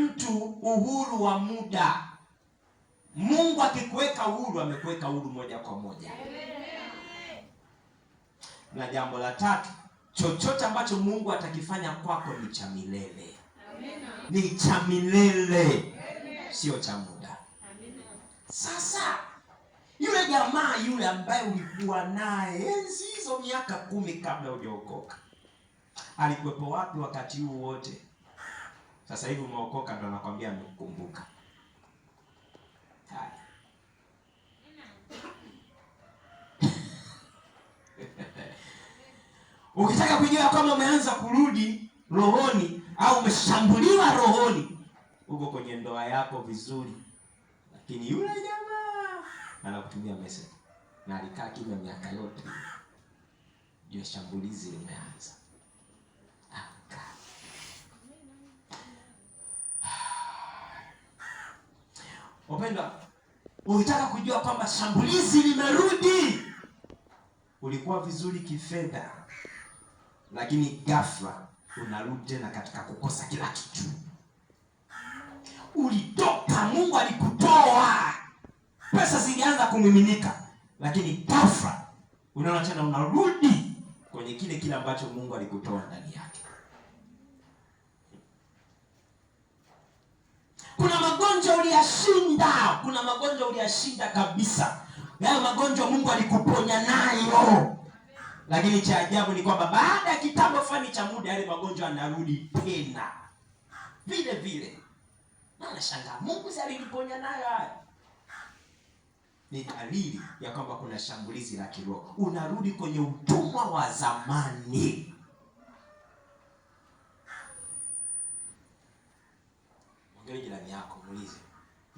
mtu uhuru wa muda. Mungu akikuweka uhuru, amekuweka uhuru moja kwa moja. Na jambo la tatu, chochote ambacho Mungu atakifanya kwako ni cha milele, ni cha milele, sio cha muda. Sasa yule jamaa yule ambaye ulikuwa naye enzi hizo miaka kumi kabla hujaokoka, alikuwepo wapi wakati huu wote? Sasa hivi umeokoka, ndo nakwambia amekukumbuka. Haya, ukitaka kujua kama umeanza kurudi rohoni au umeshambuliwa rohoni, uko kwenye ndoa yako vizuri, lakini yule jamaa anakutumia message na alikaa kimya miaka yote, jua shambulizi limeanza. Wapendwa, ulitaka kujua kwamba shambulizi limerudi. Ulikuwa vizuri kifedha, lakini ghafla unarudi tena katika kukosa kila kitu. Ulitoka, Mungu alikutoa, pesa zilianza kumiminika, lakini ghafla unaona tena unarudi kwenye kile kile ambacho Mungu alikutoa ndani yake. umeyashinda. Kuna magonjwa uliyashinda kabisa, hayo magonjwa Mungu alikuponya nayo, lakini cha ajabu ni kwamba baada ya kitambo fulani cha muda yale magonjwa anarudi tena vile vile. Na nashangaa Mungu si aliniponya nayo haya ni dalili ya kwamba kuna shambulizi la kiroho, unarudi kwenye utumwa wa zamani. Mwongee jirani yako, muulize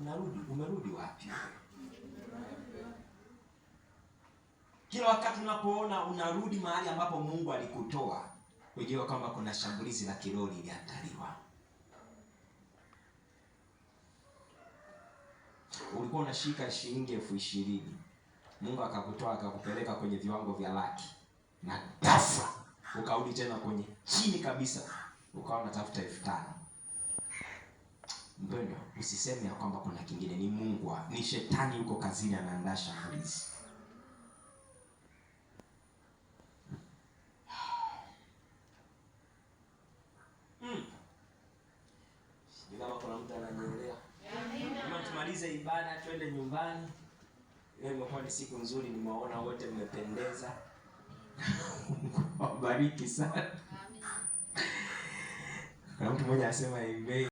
narudi, umerudi wapi? Kila wakati unapoona unarudi mahali ambapo Mungu alikutoa, kujua kwamba kuna shambulizi la kiroho liliandaliwa. Ulikuwa unashika shilingi elfu ishirini Mungu akakutoa akakupeleka kwenye viwango vya laki na ghafla ukarudi tena kwenye chini kabisa, ukawa unatafuta elfu tano Mpendwa, usiseme ya kwamba kuna kingine, ni Mungu, ni shetani yuko kazini, anaandaa shughuli hizi. Mm. Tumalize ibada twende nyumbani. Leo imekuwa ni siku nzuri, nimewaona wote mmependeza. Mungu sana. Kuna mtu mmoja anasema amen.